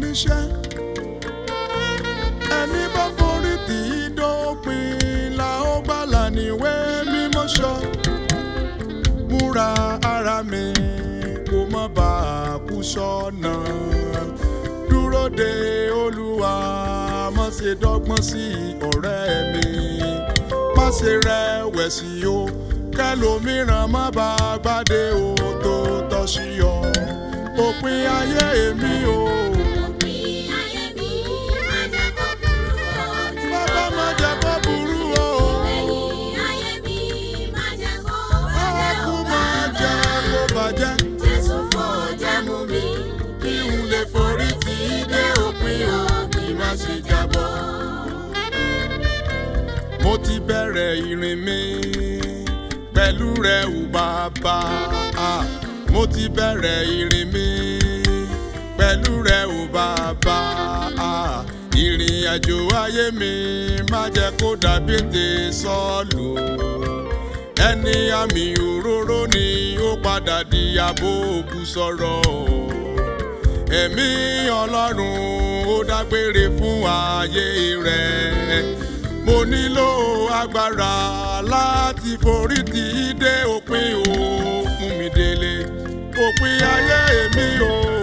níṣẹ́ ẹni bá forí tì í dópin la ó gbàlà níwé mímọ́ sọ múra ara mi kó má bà á kú sọ́nà dúró de olúwa má ṣe dọ́gbọ́n sí ọ̀rẹ́ mi má ṣe rẹ̀wẹ̀sì o kẹlòmíràn má bàa gbádé o tó tọ́ sí ọ òpin ayé èmi o. bẹ̀rẹ̀ ìrìn mi pẹ̀lú rẹ ò bàbá mo ti bẹ̀rẹ̀ ìrìn mi pẹ̀lú rẹ ò bàbá ìrìn àjò ayé mi má jẹ́ kó dàbí ti sọ́ọ̀lù ẹni àmì òróró ni ó padà di àbò òkú sọ̀rọ̀ ẹ̀mí ọlọ́run ó dágbére fún ayé rẹ̀ mo nílò agbára láti forí tì í dé òpin o fún mi délé òpin ayé mi o.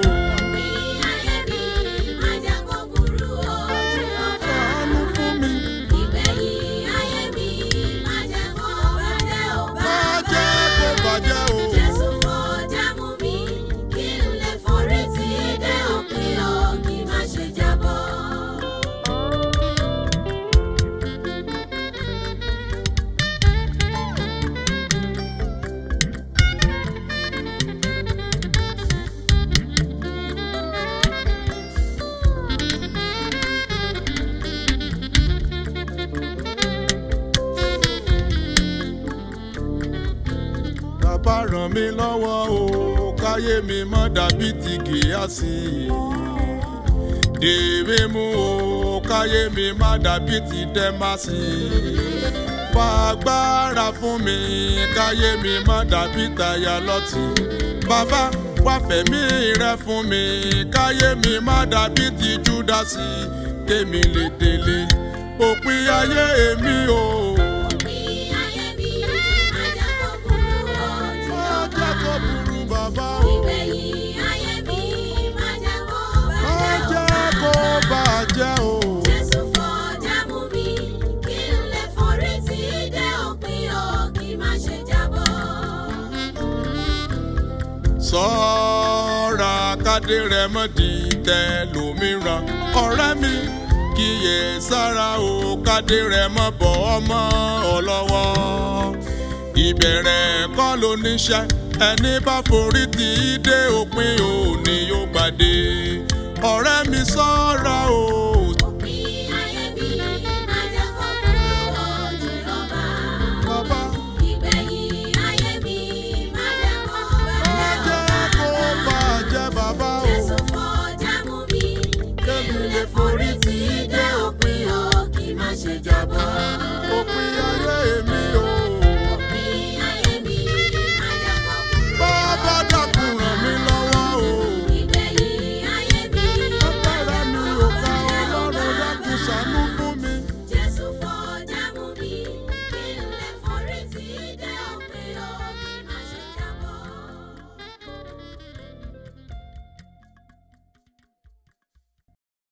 ràn mí lọ́wọ́ o káyé mi mọ́ dàbí ti kìyàsí. Dèmí mú o káyé mi má dàbí ti dẹ́másí. Fàgbára fún mi káyé mi má dàbí tàyà lọ́tì. Bàbá wá fẹ̀mí rẹ fún mi káyé mi má dàbí ti Júdásì. Kémi lè délé òpin ayé èmi o. sọ́ra kádé rẹ mọ́ di tẹ lómìíràn ọ̀rẹ́ mi kíyè sára o kádé rẹ mọ́ bọ́ ọmọ ọlọ́wọ́ ìbẹ̀rẹ̀ kọ́ ló níṣẹ́ ẹni bá forí ti dé òpin òní yóò gbàdé ọ̀rẹ́ mi sọ́ra. má ṣe jábọ́.